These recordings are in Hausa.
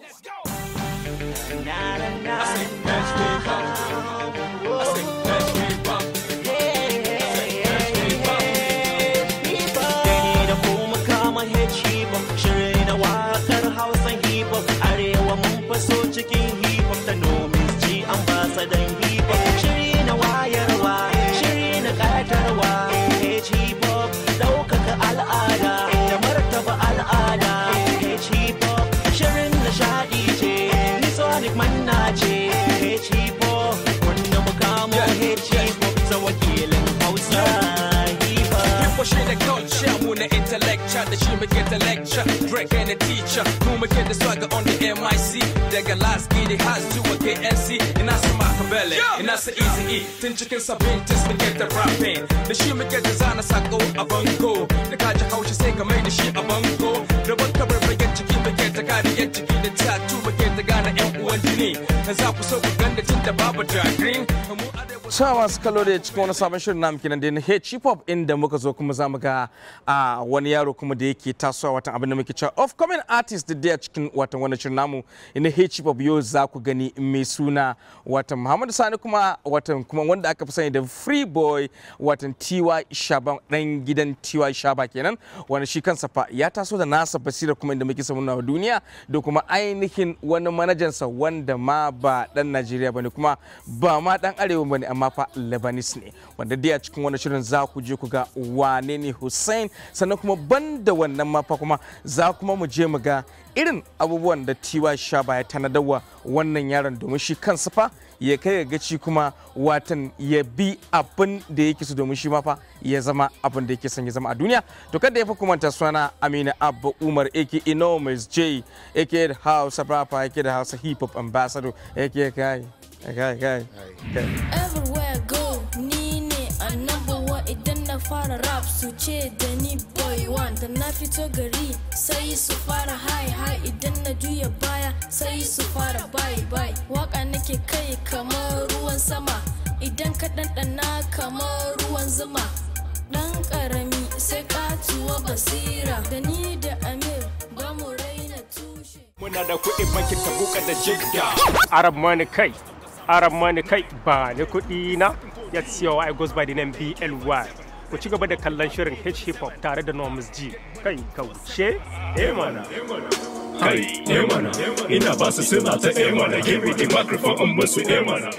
Let's go. Na, na, na, the shoe get the lecture, Drake and the teacher, Who make the swagger on the MIC, They're daga last giddy has to a KNC, and that's my cabelle, and that's the easy E, tin chicken sabin, just to get the rapping, the shoe get the zana sako a bungo, the kaja how she say come the shit a bungo, the one cover get chicken, get the guy get chicken, the tattoo, get the guy, and one as I was so good, ganda tinta baba jack green. ta masu kallo da cikin wani sabon shirin namu kenan da na hip hop inda muka zo kuma za mu ga wani yaro kuma da yake tasowa watan abin da muke cewa of coming artist da daya cikin watan wani shirin namu ina hip hop yau za ku gani mai suna watan Muhammadu Sani kuma watan kuma wanda aka fi sani da Free Boy watan Tiwa Shaban dan gidan Tiwa Shaba kenan wani shi kansa fa ya taso da nasa basira kuma inda muke samu na duniya da kuma ainihin wani manajansa wanda ma ba dan Najeriya bane kuma ba ma dan Arewa bane amma amma lebanese ne wanda dai a cikin wani shirin za ku je ku ga wane ne hussein sannan kuma banda wannan mafa kuma za kuma mu je mu ga irin abubuwan da tiwa sha baya tanadawa wannan yaron domin shi kansa fa ya kai ga gaci kuma watan ya bi abin da yake su domin shi ma ya zama abin da yake son ya zama a duniya to kada ya fi kumanta suna Amina Abba Umar aka Enormous J aka House Rapper aka House Hip Hop Ambassador aka kai Okay, okay. kai. Everywhere go, number ne It idan na fara rap su ce da ni boy one da na fito gari sai su fara high high idan na juya baya sai su fara bye bye waka nake kai kamar ruwan sama idan ka ɗanɗana kamar ruwan zuma ɗan ƙarami sai a basira da ni da amir ba mu raina tushe muna da kuɗi bankin tabuka da jidda arab money, kai aran mani kai ba ni kuɗi na ya cewa i goes by the name bly ku ci gaba da kallon shirin h hip hop tare da normus g kai kauce emana eh kai emana eh ina ba su suna ta emana eh give me the microphone in musu emana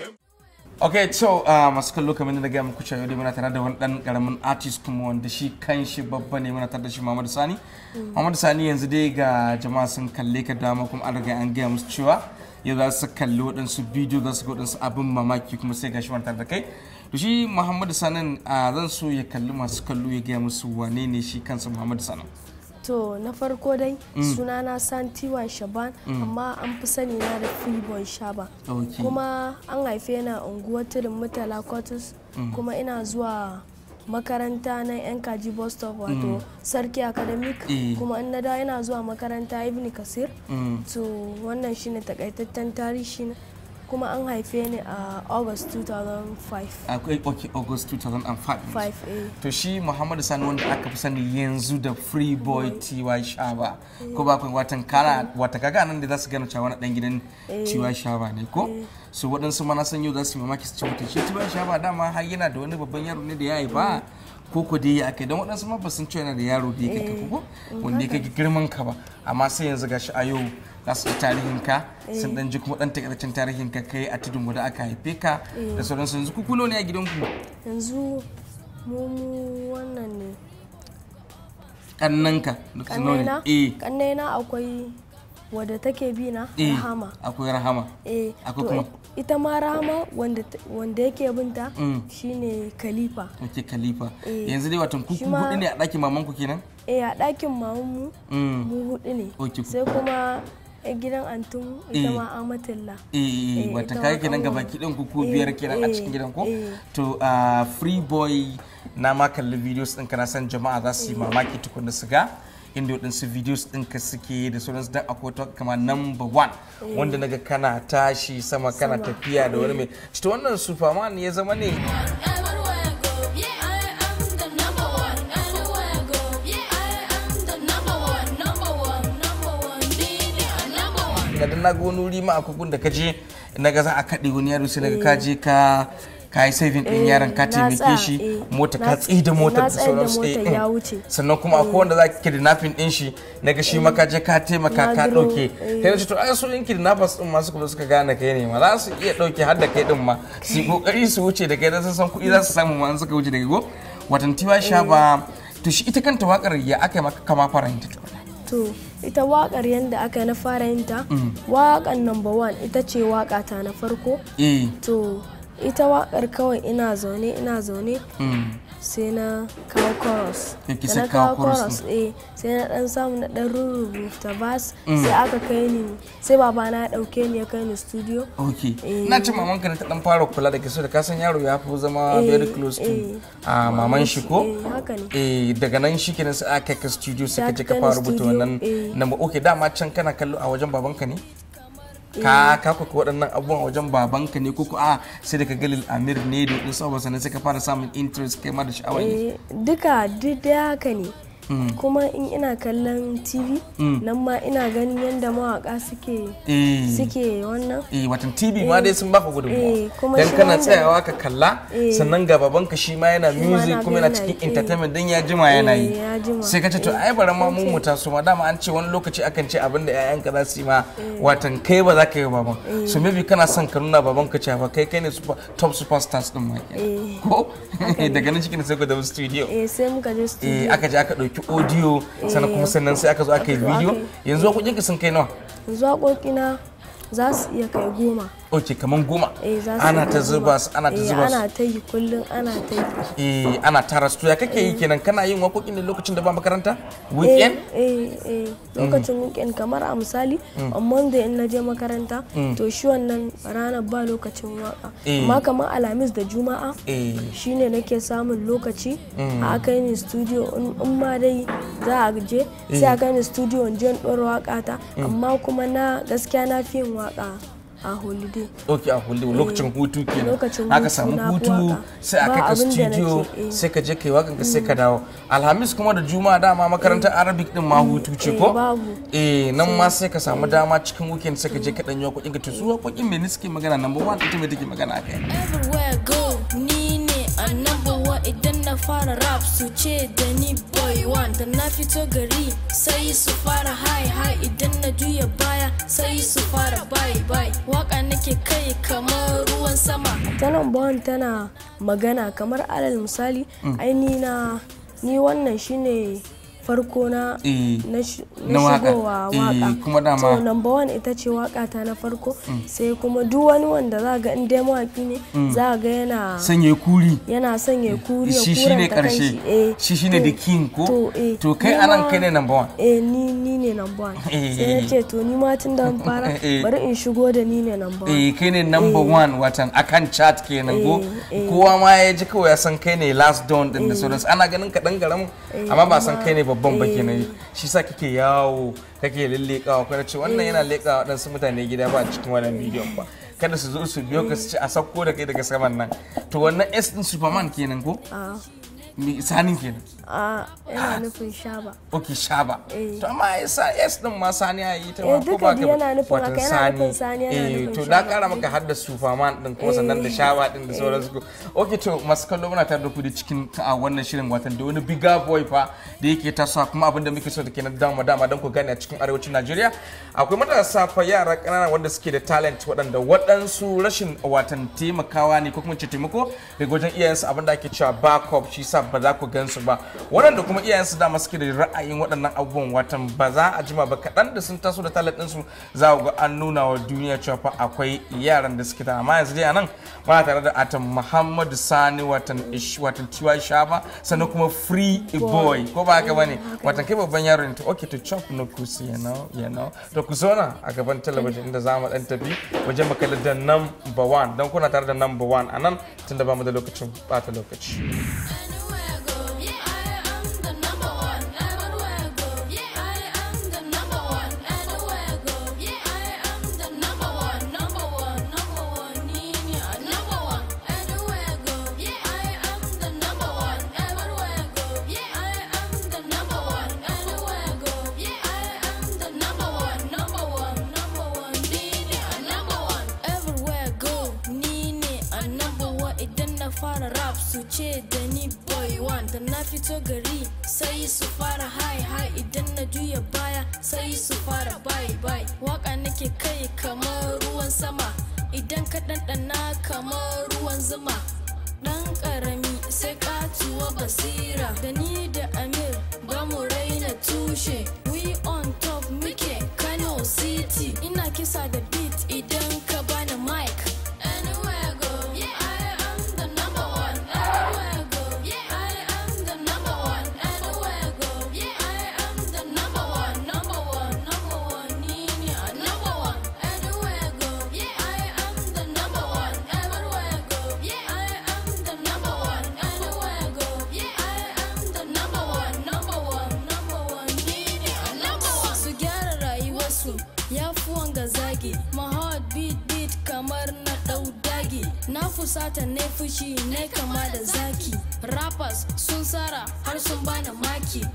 ok so uh, masu kallo kamar yadda gaya muku cewa muna tare da wani dan karamin artist kuma wanda shi kan shi babba ne muna tare da shi Muhammad Sani mm. Muhammadu Sani yanzu dai ga jama'a sun kalle ka dama kuma an riga an gaya musu cewa yau za su kalli waɗansu bidiyo za su ga waɗansu abin mamaki kuma sai ga shi wani tare da kai to shi Sani uh, zan so ya kalli masu kallo ya gaya musu wane ne shi kansa Muhammadu Sani. to na farko dai mm. sunana wa shaban mm. amma an fi sani na da freeborn shaba kuma an haife na unguwar tudun mutala quartus mm. kuma ina zuwa makaranta na yan kaji bostop wato sarki academic eh. kuma in na da ina zuwa makaranta ibn kasir to wannan shine takaitattun tarihi kuma an haife ni a august 2005 akwai ok august 2005 eh. to shi muhammadu sani wanda aka fi sani yanzu da free boy ty shaba ko ba kai watan kara wata kaga nan da za su gano cewa wani dan gidan eh. ty shaba ne ko eh. so waɗansu mana san yau za su mamaki su ce mutum shi ty shaba dama har yana da wani babban yaro ne da ya mm. yi ba ko ku dai akai don waɗansu ma ba sun ce yana da yaro da ya kai ko mm, wanda ya kai girman ka ba amma sai yanzu gashi a yau za su tarihin ka eh. sun dan ji kuma dan takaitaccen tarihin ka kai a tudun da aka haife ka eh. da sauransu yanzu ku kulo ne a gidanku yanzu mu wannan ne kannanka duk sun ne. eh na akwai wadda take bi na eh. rahama akwai rahama eh akwai kuma ita ma rahama wanda wanda yake binta mm. shine khalifa okay khalifa yanzu dai watan kuku hudu ne a ɗakin mamanku kenan eh a ɗakin mamanmu mm. mu hudu ne sai kuma gidan antum zama eh. ma amatilla eh, eh, eh wata kai kenan gaba kidan ku ko biyar kenan a cikin gidan ku to ah, free boy na ma kalli videos din na san jama'a za su yi mamaki tukunna su ga inda waɗansu videos ɗinka suke da su dan akwai kamar kama number one wanda naga kana tashi sama kana tafiya da wani mai cita wannan superman ya zama ne na da naga wani wuri ma akwai da kaje naga za a kaɗe wani yaro sai daga ka je ka ka yi saving din eh, yaron ka taimake shi eh, mota ka da motar da sauransu eh, ya wuce sannan kuma akwai wanda za ki kidnapping din shi na ga shi maka je ka taimaka ka ɗauke kai ce to ai su in kidnappers din ma suka suka gane kai ne ma za su iya ɗauke har da kai din ma su kokari su wuce da kai sun san kuɗi za su samu ma suka wuce daga go watan tiwa sha ba to shi ita kanta wakar ya aka maka kama faranta to ita wakar yadda aka na fara yinta mm. wakan number one ita ce waka ta na farko eh. to ita wakar kawai ina zaune ina zaune mm. sai na kawo chorus da na kawo chorus eh sai na dan samu na dan rubuta bas mm. sai aka kai ni sai baba na dauke ni ya kai ni studio okay eh. na ce mamanka ne ta dan fara kula da kiso da kasan yaro ya fi zama eh, very close to eh. a ah, maman shi ko eh daga nan shi kenan sai aka kai studio sai ka je ka fara rubuta wannan number okay dama can kana kallo a wajen babanka ne ka eh. ka ku waɗannan abubuwan wajen babanka ne koko a sai da ka ga lil amir ne domin saboda sannan sai ka fara samun interest kai ma da sha'awa ne eh, duka duk da haka ne Mm. kuma in ina kallon tv mm. nan ma ina ganin yadda mawaka suke eh. suke wannan eh watan tv ma eh. dai sun baka gudunmuwa eh, dan kana tsayawa ka kalla sannan gababan ka shi ma yana music kuma yana cikin entertainment dan ya jima yana yi sai kace to ai bari ma mu muta su ma dama an ce wani lokaci akan ce abin da ƴaƴanka za su yi ma watan kai ba za ka yi baban so maybe kana son ka nuna baban ka cewa kai kai ne top superstars din ma ko daga nan cikin sai ku da studio eh sai muka je studio eh aka je aka dauki ɗauki audio sana kuma eh. sannan sai aka zo aka yi video yanzu ki sun kai nawa yanzu waƙoƙina za su iya kai goma oke kaman goma eh, ana ta zuba su ana ta eh, zuba su ana ta yi kullum ana ta yi eh ana tara su ya kake yi kenan kana yin wakokin ne lokacin da ba makaranta eh, weekend eh eh lokacin mm. weekend kamar a misali mm. on monday in naje makaranta mm. to shi wannan ranar ba lokacin waka amma kamar alhamis da juma'a shine nake samun lokaci a kai ni studio in ma dai za a je sai a kai ni studio in je in ɗora waka ta amma kuma na gaskiya na fi yin waka a holiday ok a holiday lokacin eh, hutu kenan aka samu hutu sai aka ka studio eh. sai ka je kai wakan ka sai ka dawo mm. alhamis kuma da juma'a dama eh. makarantar arabic din ma mm. hutu ce ko eh nan ma sai ka samu dama cikin weekend sai ka je mm. ka danyo kuɗin ka tusuwa kuɗin me ne suke magana number one ita me take magana akai everywhere go ni ne a number 1 idan na fara rap su ce da ni boy one da na fito gari sai su fara hi hi idan na juya baya sai su fara bye bye waka nake kai kamar ruwan sama tanan bon tana magana kamar alal misali mm. ni na ni wannan shine farko na mm. shigowa waka mm, kuma dama to number one ita ce waka ta na farko mm. sai kuma duk wani wanda za ga in dai mawaki ne za ga yana sanya kuri yana sanye kuri shi shi ne eh, karshe shi ne the king ko to eh, kai anan kai ne number one eh ni ni ne number one eh. sai ce to ni ma tun da fara bari in shigo da ni ne number one eh kai ne number one watan akan chat kenan ko kowa ma ya ji kawai ya san kai ne last don din da sauransu ana ganin ka dan garamu amma ba san kai ne ba babban eh. na yi shi sa kike yawo kake lallekawa kana ce wannan yana eh. lekawa waɗansu mutane gida ba cikin wannan bidiyon ba kada su zo su biyo ka su ci a sauko da kai daga saman nan to wannan s din superman kenan ko ah. me sanin kenan a ah, yana nufin shaba ok shaba eh. to amma sa s din ma sani ya yi ta ma eh, ko ba ka yana nufin haka yana nufin sani yana eh, nufin to na kara maka har da superman din kuma sannan da shaba din da sauran su ok to masu kallo muna tare da ku da cikin a ah, wannan shirin watan da wani biga boy fa da yake ta tasowa kuma abin da muke so da kenan dama dama don ku gane a cikin arewacin Najeriya akwai matasa fa yara ƙanana wanda suke da talent waɗanda waɗansu rashin watan taimakawa ne ko kuma ce taimako daga wajen iyayensu abin da ake cewa backup shi sa ba za ku gansu ba waɗanda kuma iyayensu dama suke da ra'ayin waɗannan abubuwan watan ba za a jima ba kaɗan da sun taso da talar su za ku ga an nuna wa duniya cewa fa akwai yaran da suke ta amma yanzu dai anan ba tare da atan muhammadu sani watan watan tiwa shaba sannan kuma free boy ko ba haka bane watan kai babban yaro ne to okay to chop no kusi you know you know to ku zona a gaban talabijin inda za mu dan tafi wajen mu da number one don kuna tare da number one a nan tunda ba mu da lokacin bata lokaci. fito gari sai su fara hai hai idan na juya baya sai su fara bye bye waka nake kai kamar ruwan sama idan ka ɗanɗana kamar ruwan zuma ɗan ƙarami sai katuwa basira da ni da amir ba mu raina tushe we on top muke kano city ina kisa da beat idan ka fushi ne kama da zaki rappers sun tsara har sun bani maki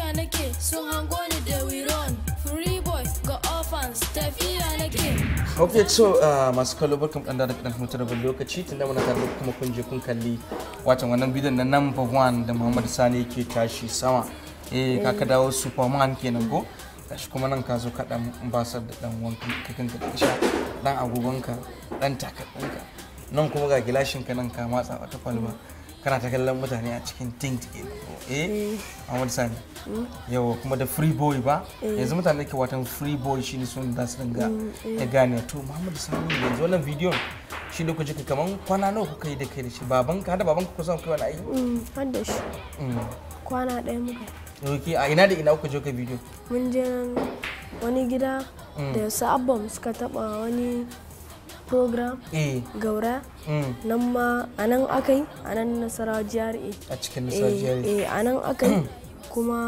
tafiya nake sun hango ni da wiron free ga orphans tafiya nake ok so uh, masu kallo barkan ɗan da kaɗan mutu rabin lokaci tunda muna tare kuma kun je kun kalli watan wannan bidiyon na number one da muhammad sani ke tashi sama eh kaka dawo superman kenan ko gashi kuma nan ka zo ka ɗan basar da ɗan wankan ka kanka da sha dan agogonka dan takalminka nan kuma ga gilashin ka nan ka matsa wata kwalba kana ta kallon mutane a cikin tint eh a wani sani hmm? yawa kuma da free boy ba eh. yanzu mutane ke watan free boy shi ne sun da su dinga hmm, eh. ya gane to muhammadu sani yanzu wannan bidiyon shi da kuji kaman kwana nawa kuka yi da kai da shi babanka hada babanka kusan kai wani aiki hmm, har da shi kwana ɗaya muka ok a ina da ina kuka je ka bidiyo mun je wani gida da su abba suka taba wani program eh. gaura hmm. nan ma a nan aka yi a nan nasara jihar e. a cikin nasara jihar eh, e. eh, a nan aka yi hmm. kuma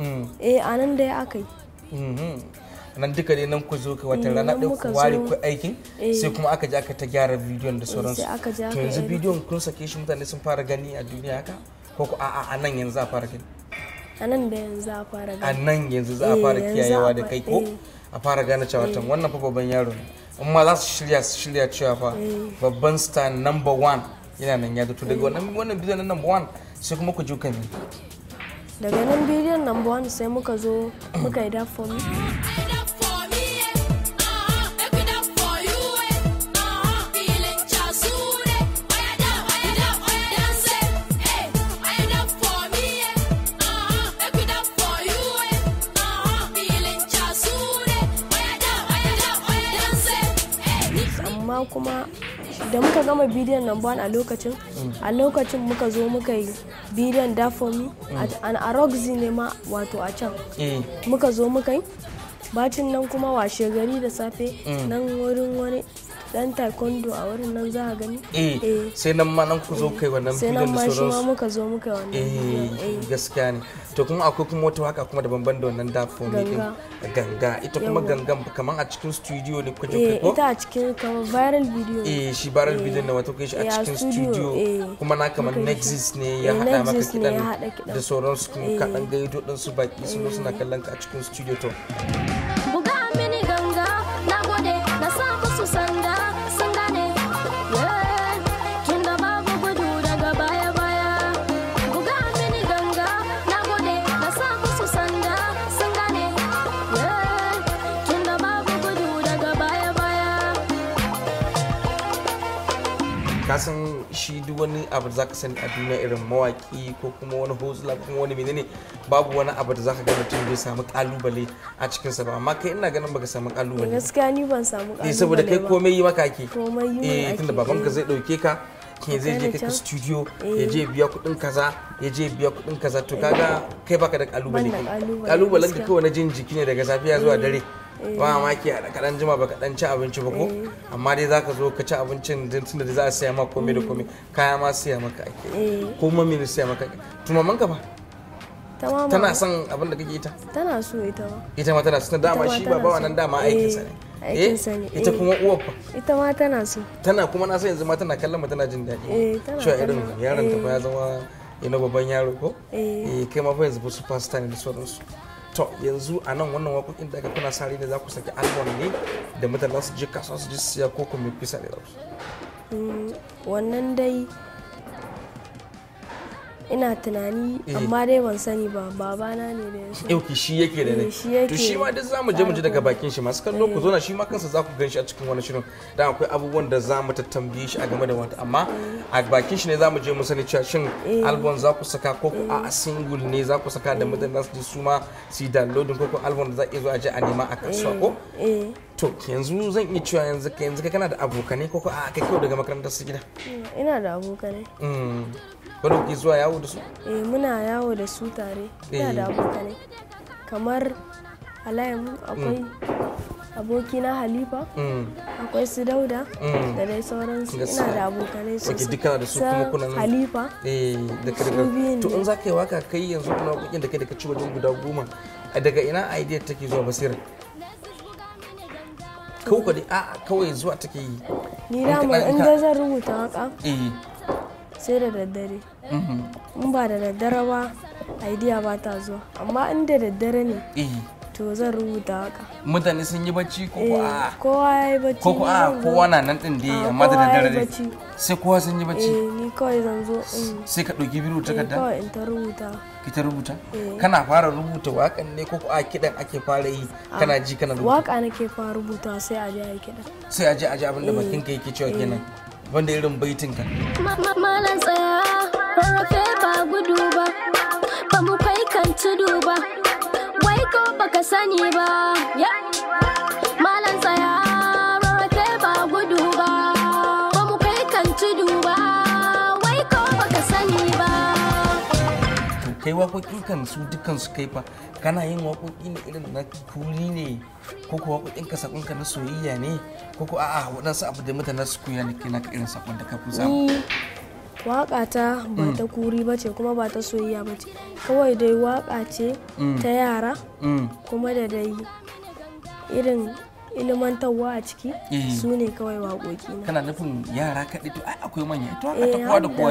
hmm. eh a nan da ya aka yi nan duka dai nan ku zo ka wata rana ɗin ku ware ku aikin sai kuma aka ji aka ta gyara bidiyon da sauransu to yanzu bidiyon kun sake shi mutane sun fara gani a duniya haka ko ku a'a a nan yanzu a fara gani a nan da yanzu a fara gani a nan yanzu za a fara kiyayewa da kai ko a fara gane cewa tan wannan fa babban yaro ne in ma za su shirya su shirya cewa fa babban star number one yana nan ya zato daga wannan wannan bidiyon na number one sai kuma ku ji kan daga nan bidiyon number one sai muka zo muka yi da for me da muka gama bidiyon nan ban a lokacin a mm. lokacin muka zo muka yi bidiyon da for me an mm. a roxy ne ma wato a can eh. muka zo muka yi bacin nan kuma washe gari da safe mm. nan wurin wani dan taekwondo a wurin nan za a gani eh, eh. sai nan ma nan ku zo kai wannan filin da sauransu sai nan ma muka zo muka wannan eh, eh gaskiya ne to kuma akwai kuma wata waka kuma daban ban da wannan dafo ne din ganga ita kuma gangan kaman a cikin studio ne kuka je eh, ko ita a cikin kamar viral video eh shi viral video ne wato kai shi a cikin studio kuma na kaman nexus ne ya hada maka kidan da sauransu kuma kaɗan gaido din su baki su suna kallon ka a cikin studio to kasan shi duk wani abu da zaka sani a duniya irin mawaki ko kuma wani hozula ko kuma wani menene babu wani abu da zaka ga mutum bai samu kalubale a cikin sa ba amma kai ina ganin baka samu kalubale gaskiya ni ban samu kalubale eh, ba saboda kai komai yi maka ake komai yi maka eh, tunda babanka eh. zai dauke ka ke zai je kai studio ya je biya kudin kaza ya je biya kudin kaza to kaga kai baka da kalubale kalubalen da kawai na jin jiki ne daga safiya zuwa dare ba maki a kaɗan jima ba kaɗan ci abinci ba ko eh. amma dai zaka zo ka ci abincin din tunda za a siya maka komai da komai kaya ma siya maka ake eh. ko mami ne siya maka tumaman ka ba tana son abin da kake ita tana so ita ba ita ma tana so dama shi ba ba wannan dama aikin sa ne Eh, eh? ita kuma uwar fa ita ma tana so tana kuma na san yanzu ma tana kallon mu tana jin daɗi eh tana irin yaron ta ba ya zama ina babban yaro ko eh kai ma fa yanzu su superstar ne da sauransu to yanzu a nan wannan waƙoƙin da aka kuna sa da za ku saki album ne da mutane za su je kasuwa su ji siya ko kuma mai sa da mm, wannan dai ina tunani eh. amma dai ban sani ba babana ne da yanzu ki eh, shi yake da ne eh, to shi ma duk zamu je mu ji daga bakin shi masu kallo ku zauna shi ma kansa za ku gan shi a cikin wani shirin dan akwai abubuwan da zamu tattambi tattambaye shi a game da wata amma a bakin shi ne zamu je mu sani cewa shin album za ku saka ko a single ne za ku saka da mutane za su ji su ma su download downloading ko album da za a zo a je a nema a kasuwa ko to yanzu zan iya cewa yanzu yanzu kai kana da abokanai ko a kai kawai daga makarantar su gida mm, ina da abokanai mm, da kuke zuwa yawo da su eh muna yawo da su tare ina da eh. abokanai kamar alayamu akwai mm. abokina halifa akwai su dauda da dai sauransu ina da abokanai su eh, su halifa su kada to in za yi waka kai yanzu kuna kuɗin da kai da ka ci wajen guda goma daga ina idea take zuwa basirin. ko ko dai a'a kawai zuwa take yi ni da mun in da zan rubuta waka eh sai da daddare mhm. in ba da daddare ba idea ba ta zuwa amma in da daddare ne eh. to zan rubuta haka mutane sun yi bacci ko ko a eh, kowa ya yi bacci ko ko ah, a kowa na nan din dai ah, amma da daddare dai sai kowa sun yi bacci eh ni kawai zan zo sai ka ɗauki biro kadda? Eh, kawai in ta rubuta ki ta rubuta eh. kana fara rubuta wakan ne ko ko a kidan ake fara yi ah, kana ji kana rubuta waka nake fara rubuta sai a je a kidan sai a je a ji abinda bakin ka yake cewa kenan wanda irin baitin ka malan tsaya rarrafe ba gudu ba ba mu kan tudu ba ko baka sani ba malan tsaya rarrafe ba gudu ba ba mu kai kan tudu ba wai ko baka sani ba kai waƙoƙi kan su dukkan su kai fa kana yin waƙoƙi ne irin na kuri ne ko ko waƙoƙin ka sakon ka na soyayya ne ko ko a'a waɗansu abu da mutane su koya ne kai na irin sakon da ka fi samu mm. waka ta ba mm. ta kuri ba ce kuma ba ta soyayya ba ce kawai dai waƙa ce mm. ta yara mm. kuma da dai irin ilimantarwa a ciki eh. su ne kawai waƙoƙi na kana nufin yara kaɗai to ai akwai manya to haka ta eh, kowa da kowa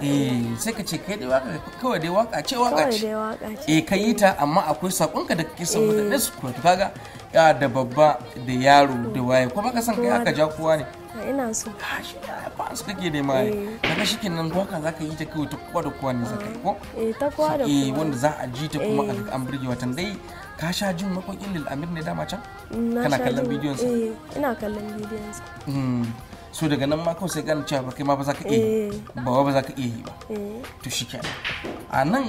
eh sai ka ce kai dai waka kawai dai waka ce waka ce eh ka yi ta amma akwai sakonka da kake son mutane eh. su kuma to kaga da babba da yaro da waye kuma ka san kai aka ja kowa ne ina so eh. ka shi da ba kake da mai daga shikin nan waka zaka yi ta kawai ta kowa da kowa ne zaka ko eh ta kowa da eh, kowa wanda za a ji ta kuma a eh. an burge watan dai ka sha jin makokin lil amir ne dama can mm, kana kallon bidiyon sa eh ina kallon bidiyon sa hmm. so daga nan ma kawai sai gane cewa kai ma ba za ka iya yi ba ba za ka iya yi ba to shikenan a nan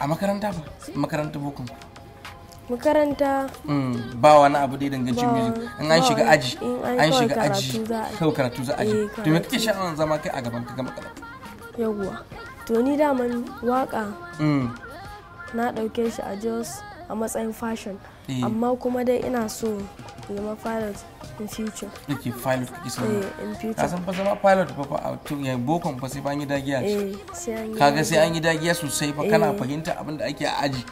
a makaranta ba makarantar boko makaranta mm, ba wani abu dai danganci music in an shiga aji an shiga aji kawai karatu za a aji eh, to me kake sha'awar zama kai a gaban ka gama karatu yawwa to ni daman waka mm. na dauke shi a jos a matsayin fashion eh. amma kuma dai ina so zama pilot in future kake pilot kake so eh, in future kasan fa zama pilot fa a tun ya bokon fa sai ba an yi dagiya kaga sai an yi dagiya sosai fa kana fahimta abin da ake a aji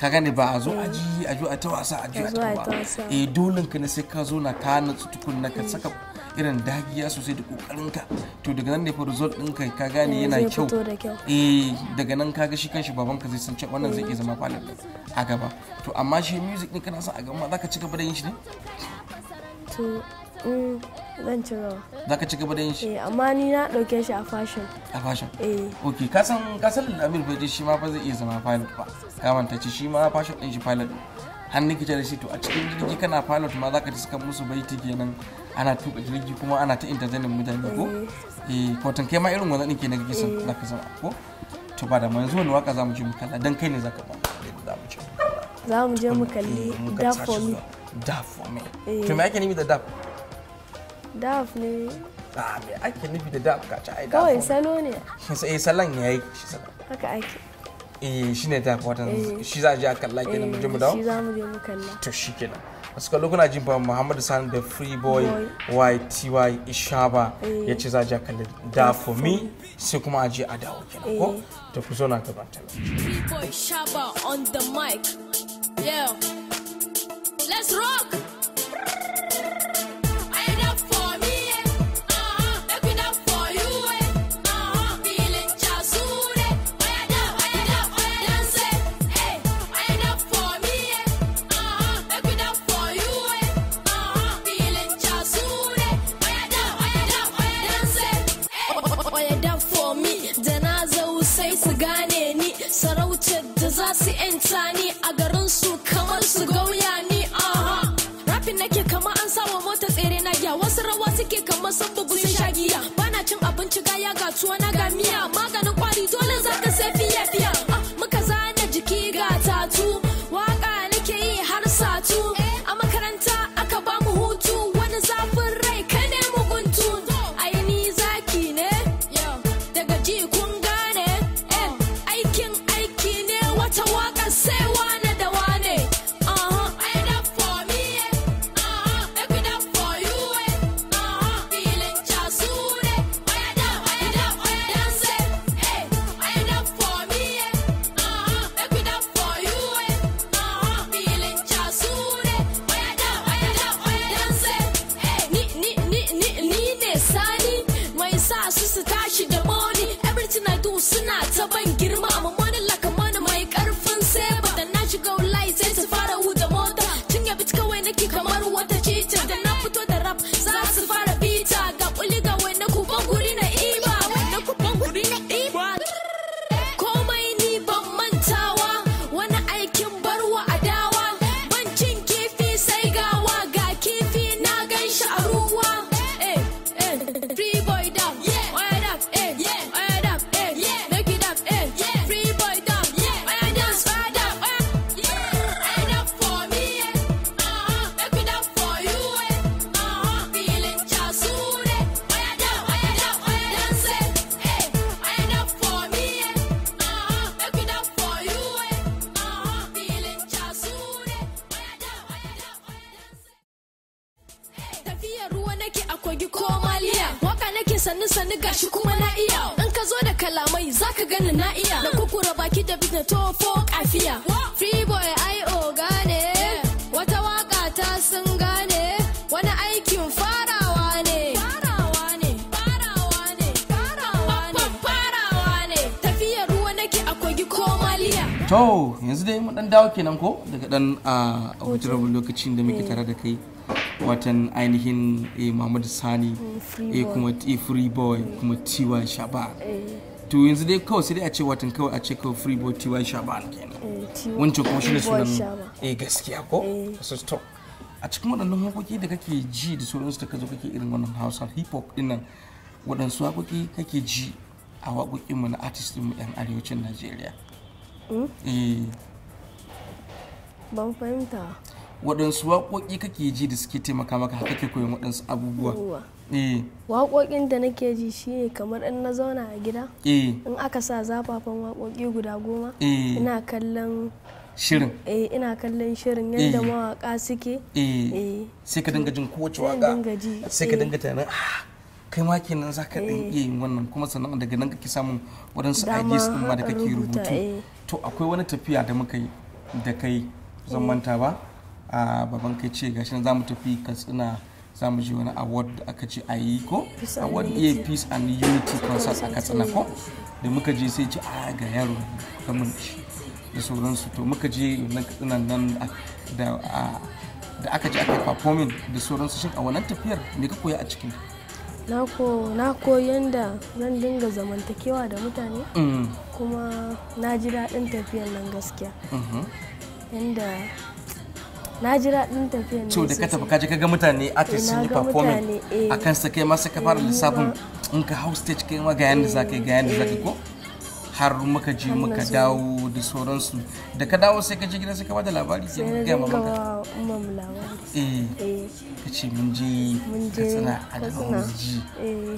ka gane ba a zo a ji a zo a ta wasa a ji a ta wasa e dole ka na sai ka zo na ka na tukun na ka saka irin dagiya sosai da kokarin ka to daga nan ne fa result din ka ka gane yana kyau eh daga nan ka ga shi kanshi baban ka zai san cewa wannan zai iya zama kwalin a gaba to amma shi music din kana son a gaba zaka ci gaba da yin shi ne to mm, zan ci gaba za ka ci gaba da yin shi eh amma ni na dauke shi a fashion a fashion eh okay ka san ka san Amir shi ma fa zai iya zama pilot ba ka manta ci shi ma fashion din shi pilot hannun kice da shi to a cikin jirgi kana pilot ma za ka saka musu baiti kenan ana tuka jirgi kuma ana ta entertaining mutane ko eh ko eh, kai ma irin wannan din kenan kake son eh. za ka zama ko to ba da mu yanzu wani waka za mu je mu kalla dan kai ne za ka ba za mu je za mu je mu eh, kalli da for me da for me to me ake nemi da da daf ne ah me ake nufi da daf ka ci ai daf kawai salo ne sai eh, salon ya yi shi salon haka ake eh shi ne daf watan eh. shi za a je a kalla kenan mu je mu eh, dawo shi za mu je mu kalla to shi kenan masu kallo kuna jin ba muhammadu San da free boy yty ishaba ya ce za a je a kalli da for me sai kuma a je a dawo kenan ko to ku zo na gaban free boy ishaba on the mic yeah let's rock masu yanta ni a garin su kamar su gauya ni aha rafi nake kama an sawa mota tsere na giya wasu rawa suke kamar sun bugu sun shagiya bana cin abinci gaya ga tuwa na ga miya ni na iya da kukura baki da bizna tofo kafiya free boy ai o ne wata waka ta sun gane wani aikin farawa ne farawa ne farawa ne farawa ne farawa ne tafiyar ruwa nake a kogi ko maliya to yanzu dai mun dan dawo kenan ko daga dan a lokacin da muke tare da kai watan ainihin eh, Sani mm, eh, kuma eh, Free Boy kuma Tiwa Shaba eh. to yanzu dai kawai sai dai a ce watan kawai a ce kawai freebo ty shaban kenan eh, wancan kuma shi ne sunan eh gaskiya ko eh. so stop a cikin waɗannan hakoki da kake ji da sauransu da kazo kake irin wannan hausa hip hop din nan waɗansu hakoki kake ji a mu na artist mu yan arewacin najeriya hmm? eh ban fahimta waɗansu waƙoƙi kake ji da suke taimaka maka kake koyon waɗansu abubuwa Eh. waƙoƙin da nake ji shi ne kamar in na zauna a gida eh. in aka sa zafafan waƙoƙi guda goma eh. ina kallon shirin eh ina kallon shirin yadda mawaka suke eh sai ka dinga jin kowace waka sai ka dinga tunanin ah, kai ma kenan zaka din iya yin wannan kuma sannan daga nan kake samun waɗansu ideas din ma da kake rubutu to akwai wani tafiya da muka yi da kai zan manta ba a ah, baban kai ce gashi nan zamu tafi katsina za mu je wani award da aka ce a yi ko award a peace and unity concert a katsina ko da muka je sai ci a ga yaro ga mun da sauransu to muka je nan katsina nan da da aka je aka performing da sauransu shin a wannan tafiyar me ka koya a cikin na koyon da zan dinga zamantakewa da mutane mm. kuma na ji daɗin tafiyar nan gaskiya mm-hmm. yanda na ji daɗin tafiyan ne da ka tafi kaje ka ga mutane artist sun yi performing eh. a kan sa kai ma sai ka fara lissafin in ka hau stage kai ma ga yanda za ka ga yanda za ka ko eh, eh. har muka je muka dawo da sauransu da ka dawo sai ka je gida sai ka bada labari sai ka ga mama ka eh ka ce mun je ka tsana a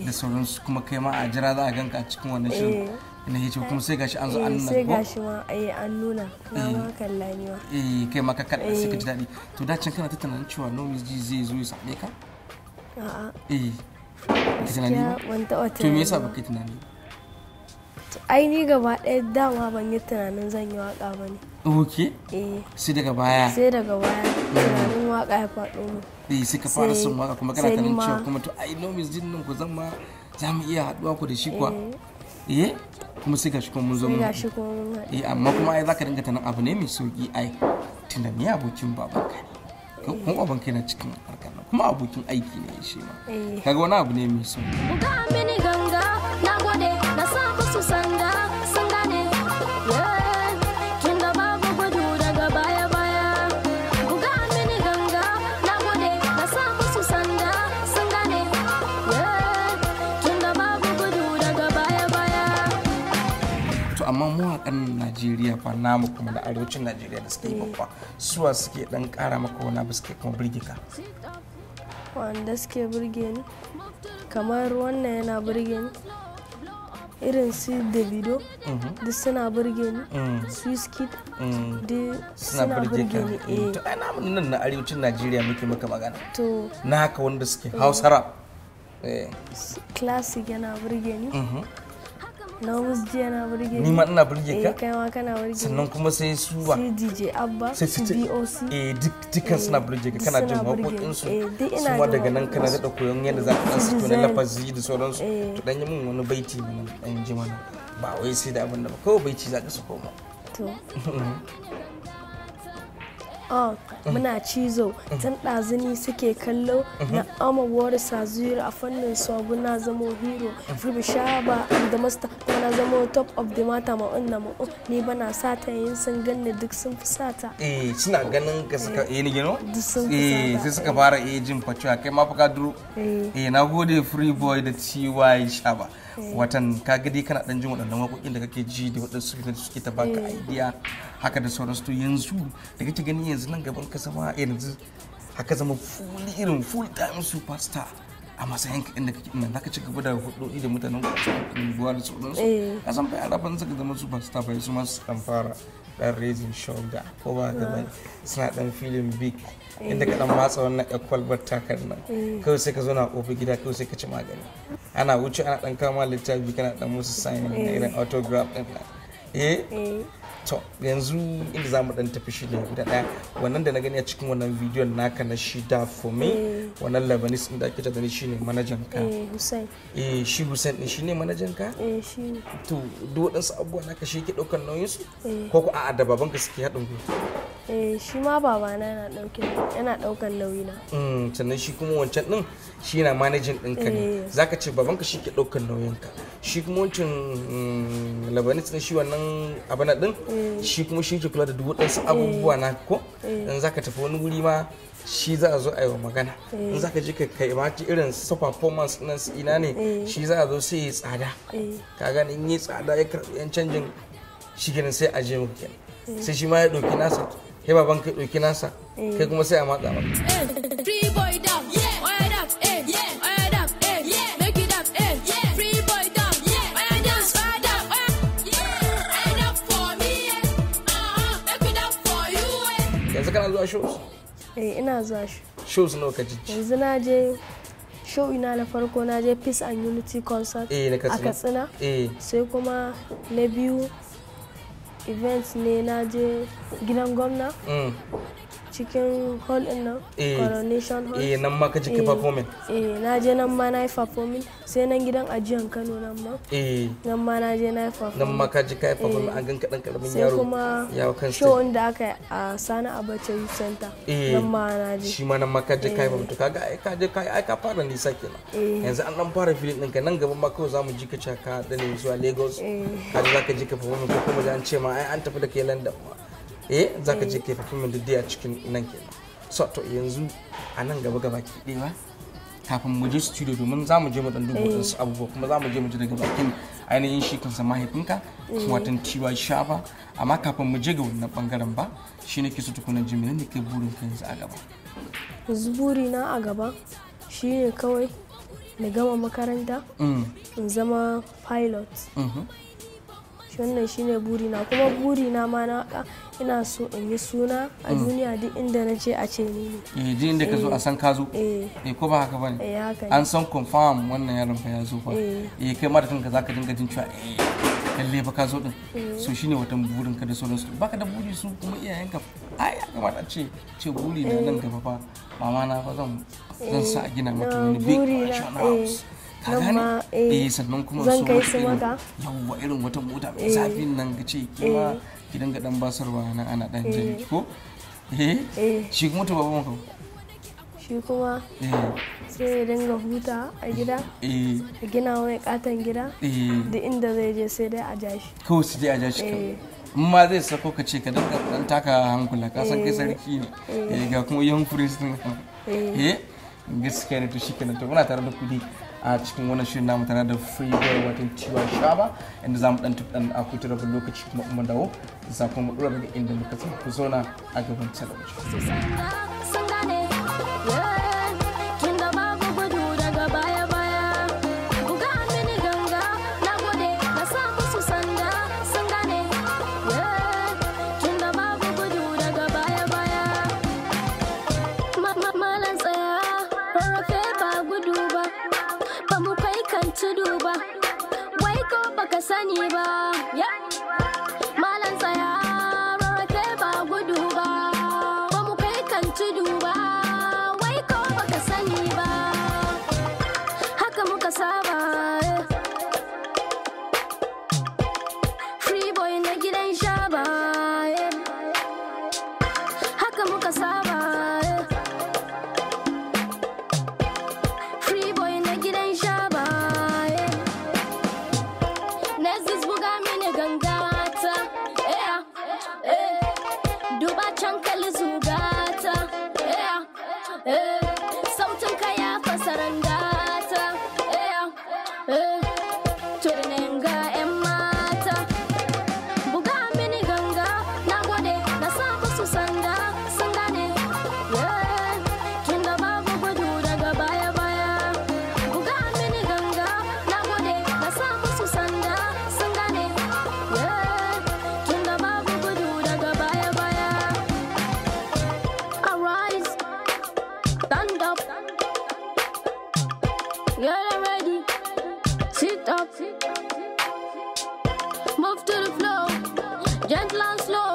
da sauransu kuma kai ma a jira za a ganka a cikin wannan shirin na hito kuma eh. sai gashi an zo an eh, nuna sai gashi ma ai eh, an nuna na ma kalla ni ma eh kai maka ka kada sai ka ji dadi to da can kana ta tunanin cewa miss ji zai zo ya same ka a'a eh tunani ba to me yasa baka tunani to ai ni gaba daya dama ban yi tunanin zan yi waka ba ne ok eh sai daga baya sai daga baya hmm. tunanin waka ya faɗo mu eh sai ka fara son waka kuma kana tunanin cewa kuma to ai miss jin nan ku zan ma za mu iya haɗuwa ku da shi kuwa eh kuma sai gashi kuma mun zo mun eh amma kuma ai zaka dinga tanan abu ne mai sauki ai tunda ni abokin ka ne eh. kuma babanka yana cikin harkar kuma abokin aiki ne shi ma eh. kaga wani abu ne mai sauki sauran mawakan najeriya fa namu kuma da arewacin najeriya da suka yi babba suwa suke dan kara maka wani abu suke kuma birge ka wanda suke birge ni kamar wannan yana birge ni irin su davido mhm. duk suna birge ni mm. swiss kid mm. duk suna birge ni mm. eh. namu nan na arewacin najeriya muke maka magana to na haka wanda suke eh. hausa rap eh. classic yana birge ni mm-hmm. na musjiya na burge ni ma ina burge ka kai ma kana burge sannan kuma sai su ba sai DJ Abba sai su BOC eh duk dukkan suna burge ka kana jin waƙoƙin su kuma daga nan kana da koyon yadda za ka dan su lafazi da sauransu to dan yi min wani baiti mana dan ji mana ba wai sai da abin da ba kawai baiti za ka su koma to Oh, muna cizo tun ɗazini suke kallo na ama wari sazira a fannin sabu na zamo hero firbi shaba da masta na zamo top of the mata ma'un na ma'un ni bana sata yin sun ganni duk sun fi sata eh suna ganin ka suka yi eh, eh, ni gino eh sai suka fara eh jin facewa kai ma fa ka eh. na gode free boy da ty shaba Eh. watan ka gadi kana dan jin waɗannan waƙoƙin da kake ji da waɗansu su suke ta baka eh. idea haka da sauransu to yanzu da kake gani yanzu nan gaban ka sama eh, yanzu haka zama full irin full time superstar a matsayin ka inda kake ina zaka ci gaba da hudodi da mutanen unguwa da sauransu san bai alaban zaka zama superstar bai su ma su kan fara dan raising shoulder ko ba da mai suna dan feeling big eh. inda ka dan matsa wannan kwalbar takar nan eh. kawai sai ka zo na kofi gida kawai sai ka ci magani ana wuce ana dan kama littafi kana dan musu signing na eh. irin autograph din nan eh to yanzu inda za mu dan tafi shi ne guda daya wannan da na gani a cikin wannan bidiyon naka na shida for me eh. wannan labanis din da ake tattali shi ne manajan ka eh hussein eh shi hussein din shi ne manajan ka eh shi to duk waɗansu abubuwa naka shi ke daukan nauyin su eh. ko ko a'a da baban ka suke haɗin ku eh shi ma babana yana dauke yana daukan nauyi na mm, sannan shi kuma wancan din shi yana manajin din eh. ka ne zaka ce baban ka shi ke daukan nauyin ka shi kuma wancan mm, labanis din shi wannan abana din Eh. shi kuma shi ke kula da dubu ɗansu eh. abubuwa na ko eh. in ka tafi wani wuri ma shi za a zo a yi wa magana in za ka ji ka kai ma irin su performance nan su ina ne shi za a zo sai ya tsada ka gani in yi tsada ya karɓi yan canjin shi kenan sai a je mu kenan sai shi ma ya ɗauki nasa kai baban ka ɗauki nasa kai kuma sai a matsa kana zuwa shows eh ina zuwa shows nawa ka ji yanzu na je show ina na farko na je peace and unity concert eh, a katsina eh. sai kuma na biyu event ne na je gidan gwamna mm. cikin hall din nan eh, coronation hall eh nan ma ka ji eh, performing eh na je nan ma na yi performing sai nan gidan ajiyan Kano nan ma eh nan ma na je na yi performing nan ma ka ji ka yi performing eh. an ganka dan karamin yaro sai kuma show da aka yi a Sani Abacha Youth Center nan ma na je shi ma nan ma ka ji ka yi performing to kaga ai ka je ka ai ka fara nisa kenan yanzu an dan fara filin ka nan gaba ma kawai zamu ji ka ka dane zuwa Lagos ka za ka ji ka performing ko kuma an ce ma ai an tafi da ke London ma eh za ka je eh. kai fulfillment da dai a cikin nan ke so to yanzu a nan gaba gaba ki ɗewa kafin mu je studio domin za mu je mu dan duba eh. wasu abubuwa kuma za mu je mu ji daga bakin ainihin shi kansa mahaifinka eh. watan tiwa shafa amma kafin mu je ga wannan bangaren ba shi ne kisu tukuna jimi ne kai burin ka yanzu a gaba yanzu buri na a gaba shi ne kawai na gama makaranta mm. in zama pilot mm-hmm. shi wannan shine burina kuma burina ma na ina so in yi suna a mm. duniya duk inda na je a ce ni eh ji inda ka zo a san ka zo eh, eh, eh ko ba haka bane eh haka an san confirm wannan yaron fa ya zo fa eh, eh kai ma da kanka zaka dinga jin cewa eh kalle fa ka zo din so shine watan burin ka da su baka da buri su kuma iyayenka ai ya kamata ce ce buri na nan gaba fa mama na fa zan zan sa gina mata wani big mansion house ka ne eh, eh sannan kuma zan kai su maka yawwa irin wata mota mai eh, zafin nan ka ce ke ma eh. ki dinga dan basarwa nan ana dan jin ko eh shi kuma to baban ka shi kuma sai ya dinga huta a gida a gina wani katon gida da inda zai je sai dai a jashi kawai su dai a jashi kawai in ma zai sako ka ce ka dinga dan taka hankula ka san kai sarki ne ga kuma yan furis din eh gaskiya ne to shi kenan to muna tare da kudi a cikin wannan shirin namu tare da freeway watan ciwon shaba inda za mu dan dan a kuta rabin lokaci kuma mu dawo za kuma mu dora daga inda muka ku zauna a gaban talabijin. No.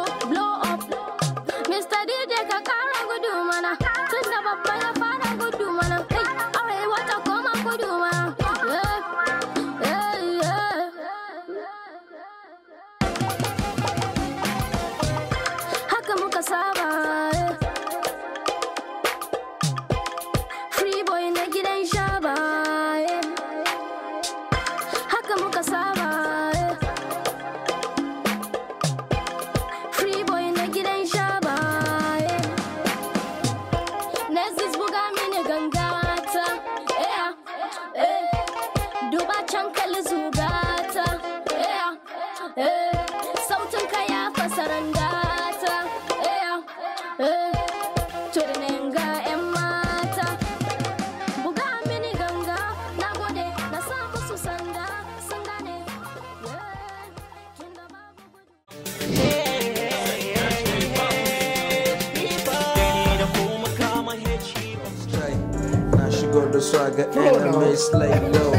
it's lay low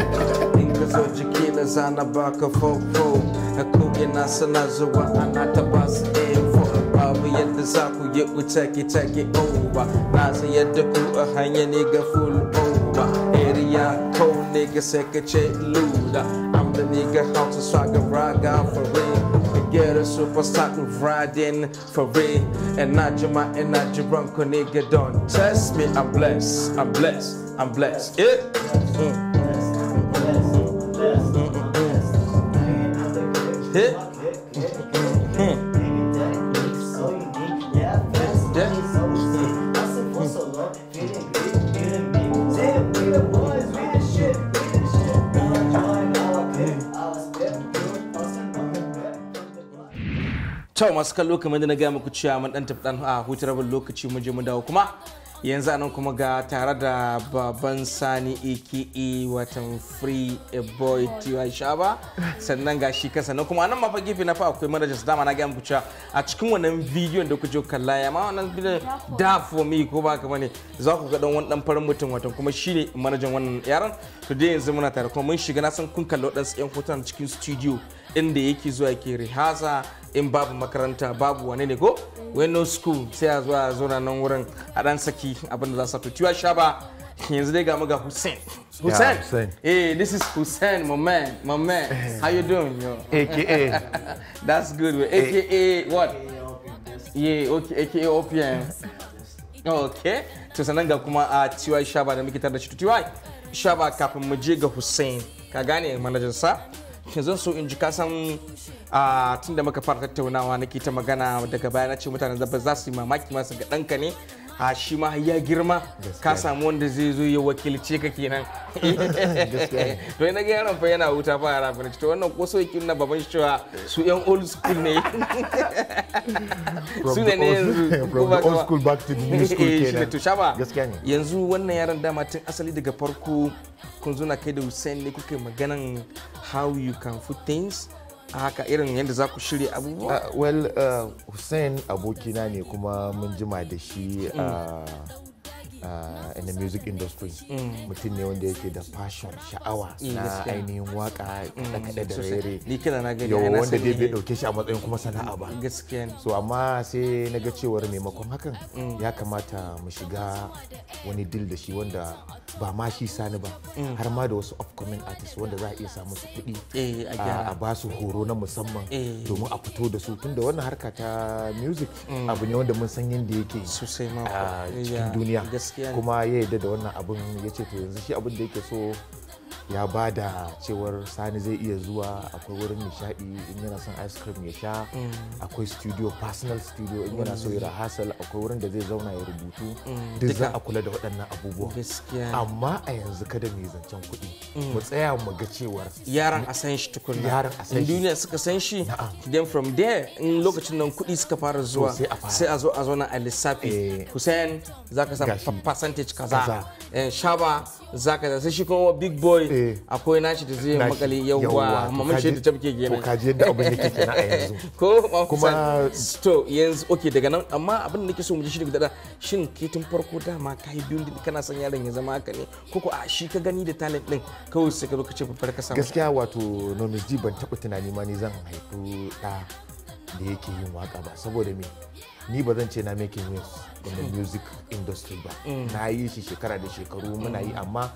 ingazojikila zana baka fofo akuye nasanazowa anatabasa info babu yadda za ku yi utaki take over na san yadda ku a hanya ne ga full over area code ne ga sai ka ce luda i'm the nigga how to a rag out for real get a superstar riding for real. And not your mind, and not your bronco nigga. Don't test me. I'm blessed. I'm blessed. I'm blessed. It. Hit. Cewa masu kallo kamar da na gaya muku cewa mun dan tafi dan a ah, hutar lokaci mun je yanzu anan kuma ga tare da baban sani e watan free a boy tiwa shaba sannan ga shi kasa na kuma anan mafa gefe na fa akwai manajas dama na gaya muku cewa a cikin wannan bidiyon da je kalla ya ma wannan bidiyon da for me ko ba kama ne za ku ga dan wani dan farin mutum watan kuma shi ne manajan wannan yaran to dai yanzu muna tare kuma mun shiga na san kun kalla waɗansu yan hoton cikin studio inda yake zuwa ke rihasa in babu makaranta babu wane ne ko no school sai a zuwa zauna nan wurin a dan saki abinda da za su fito sha ba yanzu dai ga mu ga Hussein Hussein. eh this is Hussein, my man, my man. Eh. How you doing, yo? AKA. That's good. AKA, eh. AKA what? Yeah, okay, AKA OPM. okay. To sanan ga kuma a ah, TY Shaba da muke tare da shi. TY Shaba kafin mu je ga Hussein. Ka gane manajan sa? shin zan so in ji kasan a tun da muka fara tattaunawa nake ta magana daga baya na ce mutanen zaba za su yi mamaki masu ga ɗanka ne a shi ma ya girma ka samu wanda zai zo ya wakilce ka kenan to ina ga yaron fa yana huta fa yara fa to wannan koso yakin na baban shi cewa su yan old school ne su ne yanzu old school back to new school eh, kenan to shaba yanzu wannan yaron dama tun asali daga farko kun zo na kai da Hussein ne kuke maganan how you can put things a haka irin yadda za ku shirya abubuwa ah, well ah, hussein abokina ne kuma mun jima da shi mm. ah, in the music industry mm. mutum ne wanda yake da fashion sha'awa mm, na ainihin waka mm, da da rere yawon wanda dai bai ɗauke shi a matsayin kuma sana'a ba so amma sai na ga cewar maimakon hakan ya kamata mu shiga wani dil da shi wanda ba ma shi sani ba har ma da wasu upcoming artists wanda za a iya samu su kuɗi eh, a ba su horo na musamman eh. domin a fito da su tunda wannan harka ta music abu ne wanda mun san yadda yake a cikin duniya kuma ya yarda da wannan abin ya ce to yanzu shi abin da yake so ya ba da cewar sani zai iya zuwa akwai wurin nishadi in yana son ice cream ya sha mm. akwai studio personal studio in yana so ya mm. hasal akwai wurin da zai zauna ya rubutu mm. duk za a kula da waɗannan abubuwa amma a yanzu kada mai zancen kuɗi mu tsaya mu ga cewar yaran a san shi tukunna yaran a san duniya suka san shi then from there in lokacin nan kuɗi suka fara zuwa sai a zo a zauna a lissafi eh. Hussein zaka san percentage kaza eh, Shaba zaka sai shi kuma big boy eh. Eh. akwai nashi da zai makale yawwa mamman shi da tabke gina to kaji yadda abin yake kenan a yanzu ko kuma to yanzu okay daga nan amma abin da nake so mu ji shi da shin ke tun farko dama kai biyun kana son yaron ya zama haka ne ko ko a shi ka gani da talent din kawai sai ka zo ka ce babbar ka samu gaskiya wato nomis ji ban taɓa tunani ma ni zan haifi da da yake yin waka ba saboda me ni ba zan ce na making waves in the music industry ba mm. na yi shi shekara da shekaru muna yi mm. amma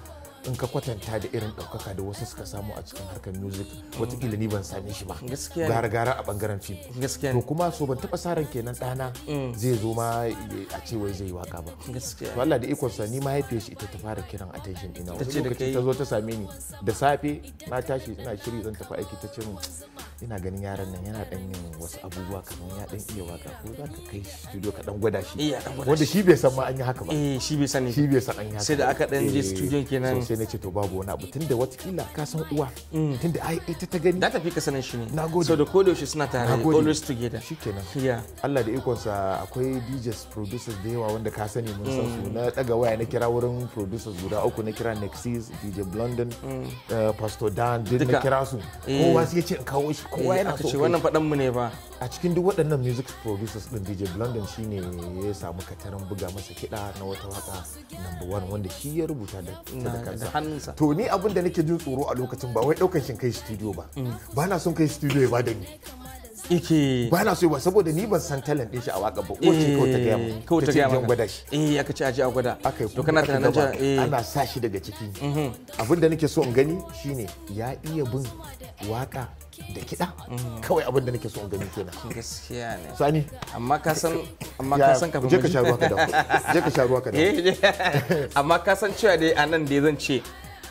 in ka kwatanta da irin ɗaukaka da wasu suka samu a cikin harkar music watakila ni ban same shi ba gara gara a bangaren fim to kuma so ban taɓa saran kenan ɗana mm. zai zo ma a ce wai zai yi waka ba to Allah da ikon sa ni ma haife shi ita ta fara kiran attention ina wani lokaci ta zo ta same ni da safe na tashi ina shiri zan tafi aiki ta ce min ina ganin yaran nan yana dan yin wasu abubuwa kamar ya dan iya waka ko za ka kai studio ka dan gwada shi eh, wanda shi bai san ma an yi haka ba eh shi bai sani shi bai san an yi haka sai da aka dan je eh, studio kenan sai na ce to babu wani abu tunda watakila ka san uwa mm. tunda ai ita ta gani da tafi ka sanin shi ne nagode so da ko da suna tare always together shikenan yeah Allah da ikonsa akwai DJs producers da yawa wanda ka sani mun san su mm. na daga waya na kira wurin producers guda uku na kira Nexus DJ Blondon mm. eh, Pastor Dan duk na kira su eh. kowa sai ya ce in kawo shi kowa eh, yana so wannan fadan mu ne ba a cikin duk waɗannan music producers din DJ Blondon shine ya samu katarin buga masa kiɗa na wata waka number one wanda shi ya rubuta da kansa hannunsa hannunsa to ni abin da nake jin tsoro a lokacin ba wai daukan shin kai studio ba mm. ba na son kai studio ya bada ni ike ba na so ba saboda ni ban san talent din shi a waka ba oce ko ta gaya eh, ko ta gaya maka gwada shi eh aka ce aje a gwada akai to kana tunanin nan eh. ana sa shi daga ciki mm-hmm. abin da nake so in gani shine ya iya bin waka da kiɗa mm. kawai abin da nake so gani kenan gaskiya ne sani amma ka san amma ka san kafin je ka sha ruwa ka dawo je ka sha ka dawo eh, amma ka san cewa dai anan dai zan ce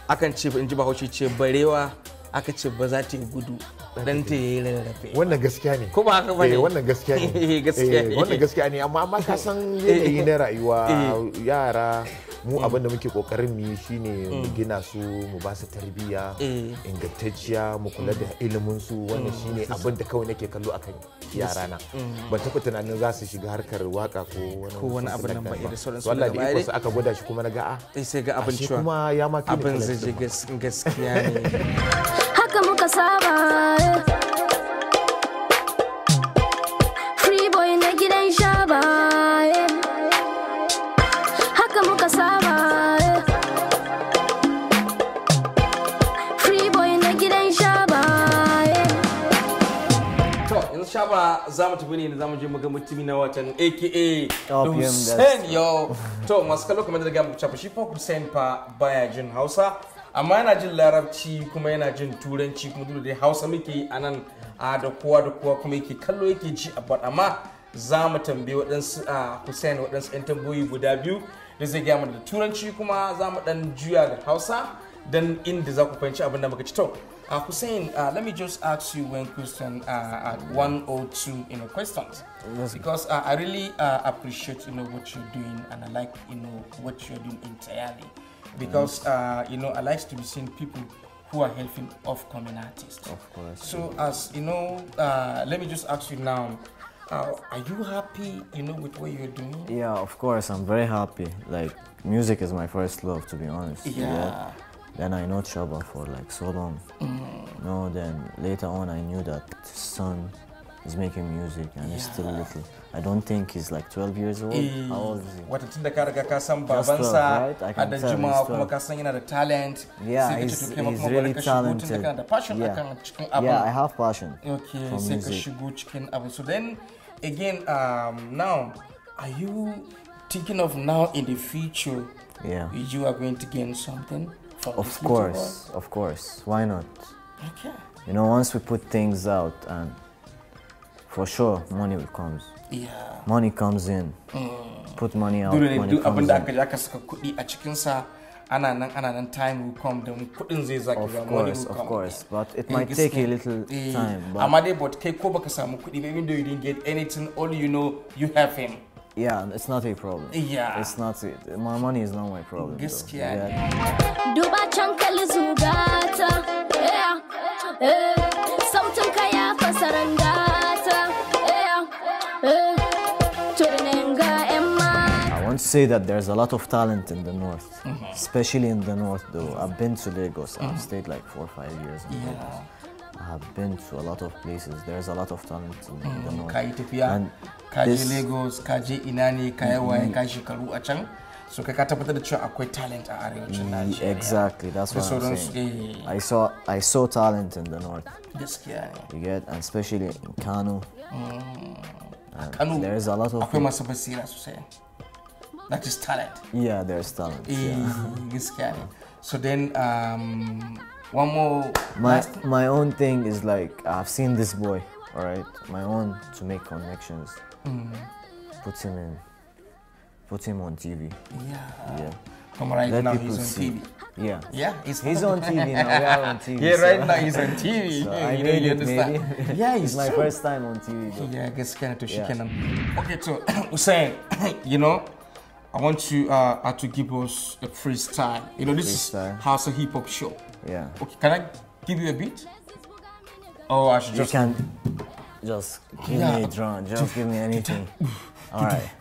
akan ce in ji bahaushe ce barewa aka ce ba za ta yi gudu dan ta yi rarrafe wannan gaskiya ne ko ba haka bane eh, wannan gaskiya eh, eh, ne wannan gaskiya ne amma amma ka san yanayi na rayuwa yara mu mm. abin da muke kokarin mu shine mu mm. gina su mu ba su tarbiyya ingantacciya mu kula da mm. ilimin su wannan shine abin da kawai nake kallo akan yara na ban taɓa tunanin za su shiga harkar waka ko wani abu nan ba da sauransu wallahi da iko aka gwada shi kuma na ga a ah, sai ga abin cewa kuma ya ma abin zai gaskiya ne haka muka saba eh. free boy na gidan shaba eh. haka muka saba eh. free boy na gidan shaba to yanzu shaba za mu tafi ne za mu je mu ga mutumi na watan aka Hussein yo to masu kallo kamar da ga mu shafa shi fa Hussein fa baya jin Hausa amma yana jin larabci kuma yana jin turanci kuma duk da hausa muke yi a nan da kowa da kowa kuma yake kallo yake ji a amma za mu tambayi waɗansu a Hussein waɗansu 'yan tambayoyi guda biyu da zai gaya mana da turanci kuma za mu ɗan juya da hausa don inda za ku fahimci abin da muka ci to a Hussein let me just ask you one question uh, at one or two you know questions because uh, I really uh, appreciate you know what you're doing and I like you know what you're doing entirely because uh, you know I like to be seeing people who are helping coming artists. Of course. So yeah. as you know, uh, let me just ask you now. Uh, are you happy, you know, with what you're doing? Yeah, of course, I'm very happy. Like, music is my first love, to be honest. Yeah. yeah. Then I know Chaba for like so long. Mm. No, then later on I knew that son. He's making music and yeah. he's still little. I don't think he's like 12 years old. E, eh, How old is he? What tunda ka riga ka san babansa a da jimawa kuma ka san talent. Yeah, he's ka ci really talented. passion yeah. akan Yeah, I have passion. Okay, sai ka shigo cikin abin. So then again um, now are you thinking of now in the future yeah. you are going to gain something from Of course, of course. Why not? Okay. You know, once we put things out and for sure money will come yeah. money comes in mm. put money out dole ne duk abinda da aka aka saka kuɗi a cikinsa ana nan ana nan time will come don kuɗin zai zaki ga money will come course but it yeah, might take a little yeah. time but amma dai but kai ko baka samu kuɗi ba even though you didn't get anything all you know you have him Yeah, it's not a problem. Yeah. It's not it. My money is not my problem. Gaskiya ne. Duba can kalli zugata. Yeah. Samtin ka ya fasaranga. say that there's a lot of talent in the north, mm -hmm. especially in the north. Though I've been to Lagos, mm -hmm. I've mm-hmm. stayed like four or five years in yeah. Lagos. I've been to a lot of places. There's a lot of talent in mm -hmm. the mm-hmm. north. Kayi tafiya, kaje Lagos, kaje Inani, kayi waye, mm-hmm. kayi shekaru a can. So ka tabbatar da cewa akwai talent a arewacin mm, Najeriya. Exactly, that's what I'm saying. Eh. I saw I saw talent in the north. Gaskiya ne. You get and especially in Kano. Mm. Kano. There's a lot of akwai masu basira sosai that is talent. Yeah, there's talent. Yeah. Eh, it's scary. So then, um, one more. My my own thing is like I've seen this boy. All right, my own to make connections. Mm. Put him in. Put him on TV. Yeah. Yeah. Come right Let now, he's on see. TV. Yeah. Yeah, he's, he's on TV now. We are on TV. Yeah, so. right now he's on TV. so yeah, I you know, you understand. Maybe. yeah, it's, it's my first time on TV. Though. Yeah, I guess kind of to yeah. Okay, so Hussein, you know, I want you uh, uh, to give us a freestyle. You know, this freestyle. is house of hip hop show. Yeah. Okay, can I give you a beat? Oh, I should just. You can just give yeah. me a drum. Just give me anything. All right.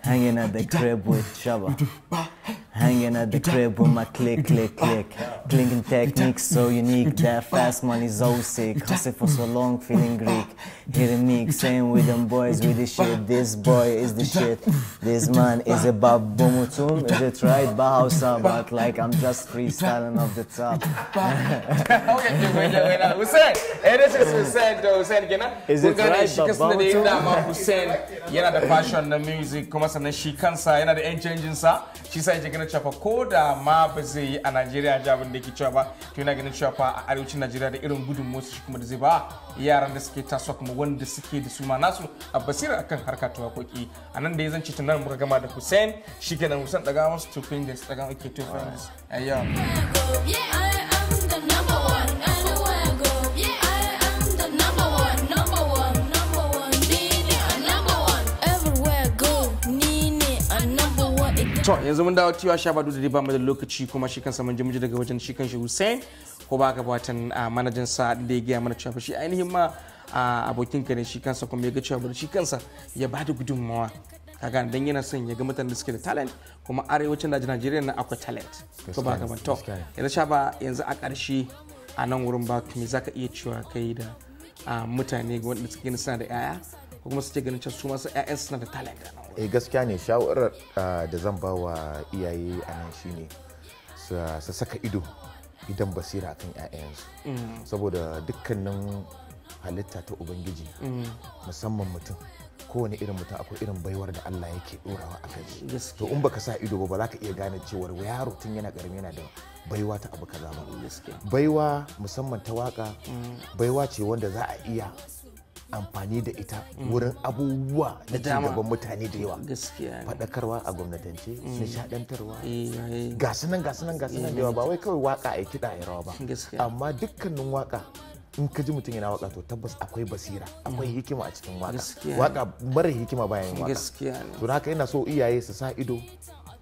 Hanging at the crib with Shaba. Hanging at the crib with my click, click, click. Clinking techniques so unique. That fast money so sick. Hustling for so long, feeling Greek. Hitting me, same with them boys, with the shit. This boy is the shit. This man is a babumutum. Is it right? Bahausa, but like I'm just freestyling off the top. Hussein, ene sisi Hussein ndo Hussein gena. Uganda shikasında değil de ama Hussein yana da passion the music kuma sannan shi kansa yana da 'yan canjinsa. she sa yake ganin cewa ko da ma ba zai yi a Najeriya ji abin da yake cewa ba to yana ganin cewa a arewacin Najeriya da irin gudun Motsi shi kuma da zai ba yaran da suke tasowa kuma wanda suke da suma nasu a basira akan harka ta wakoki a nan da ya zance tunan muka gama da Hussein kenan Hussein daga wasu da su daga okay two fingers ayyawa to yanzu mun dawo tiwa sha badu da ba mu da lokaci kuma shi kansa mun ji muji daga wajen shi kanshi Hussein ko ba ka manajan sa da ya gaya mana cewa shi ainihin ma abokin ka ne shi kansa kuma ya ga cewa shi kansa ya bada gudunmawa kaga dan yana son ya ga mutanen da suke da talent kuma arewacin da Najeriya na akwai talent ko ba ka to yanzu sha ba yanzu a ƙarshe a nan wurin ba me zaka iya cewa kai da mutane wanda suke ganin suna da yaya ko kuma suke ganin cewa su masu 'ya'yan suna da talent a eh gaskiya ne shawarar ah, da zan ba wa iyaye a nan shine su saka ido idan basira kan 'ya'yansu mm. saboda dukkanin halitta ta ubangiji mm. musamman mutum kowane irin mutum akwai irin baiwar da Allah yake ɗorawa a kai to in baka sa ido ba za ka iya gane cewar yaro tun yana karami yana da baiwa ta abu kaza ba baiwa musamman ta waka mm. baiwa ce wanda za a iya amfani da ita wurin abubuwa na gaban mutane da yawa faɗakarwa a gwamnatance mm. nishaɗantarwa eh, gasu nan gasu nan gasu nan da yawa ba wai kawai waka a kiɗa a rawa ba amma dukkanin waka in ka ji mutum yana waka to tabbas akwai basira akwai mm. hikima a cikin waka waka mara hikima bayan waka to haka yana so iyaye su sa ido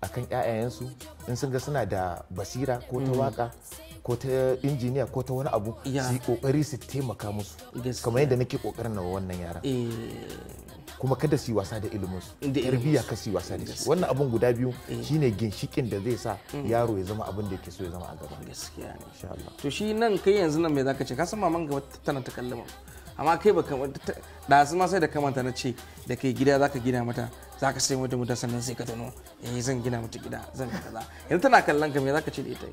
akan 'ya'yansu in sun ga suna da basira ko ta mm. waka ko ta injiniya ko ta wani abu su yi kokari su taimaka musu kamar yadda nake kokarin na wannan yaran eh. kuma kada su yi wasa da su tarbiya ka su yi wasa da su wannan abun guda biyu eh. shine ginshikin da zai sa mm. yaro ya zama abin da yake so ya zama a gaba gaskiya ne insha Allah to shi nan kai yanzu nan me zaka ce ka san maman gaba tana ta kallama amma kai baka da su ma sai da kamanta na ce da kai gida zaka gina mata za ka sai mutum mutum sannan sai ka tuno eh zan gina mutu gida zan kaza yanzu tana kallon ka me za ka ce da ita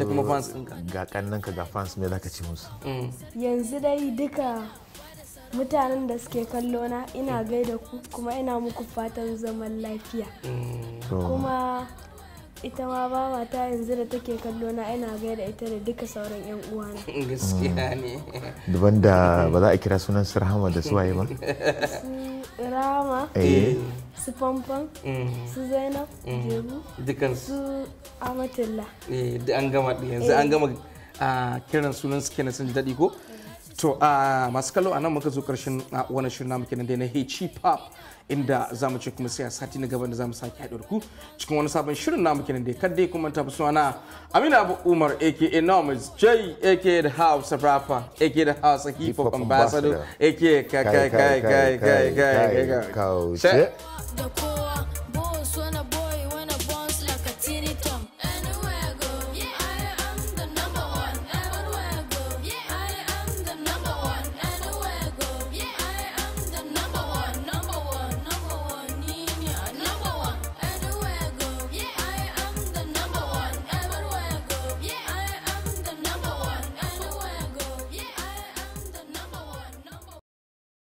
da kuma fans ka ga kannan ka ga fans me za ka ce musu mm. yanzu dai duka mutanen da suke kallo na ina mm. gaida ku kuma ina muku fatan zaman lafiya mm. kuma ita ma bawa ta yanzu da take kallo na ina gaida ita da duka sauran yan uwana gaskiya mm. ne daban da ba za a kira sunan su rahama da su waye ba su rahama eh. eh. su fanfan mm. su zainab mm. jebu dukan su amatilla eh an gama yanzu an eh. gama a ah, kiran sunan su kenan sun ji daɗi ko to a ah, masu kallo a nan muka zo karshen ah, wani shirin namu kenan dai na hip hop inda za mu ce kuma sai a sati na gaban da za mu sake haɗu ku cikin wani sabon shirin namu kenan da kar kuma ta fi suna Amina Abu Umar aka Enormous J aka the House of Rapper aka the House of Hip Hop Ambassador aka kai kai kai kai kai kai kai kai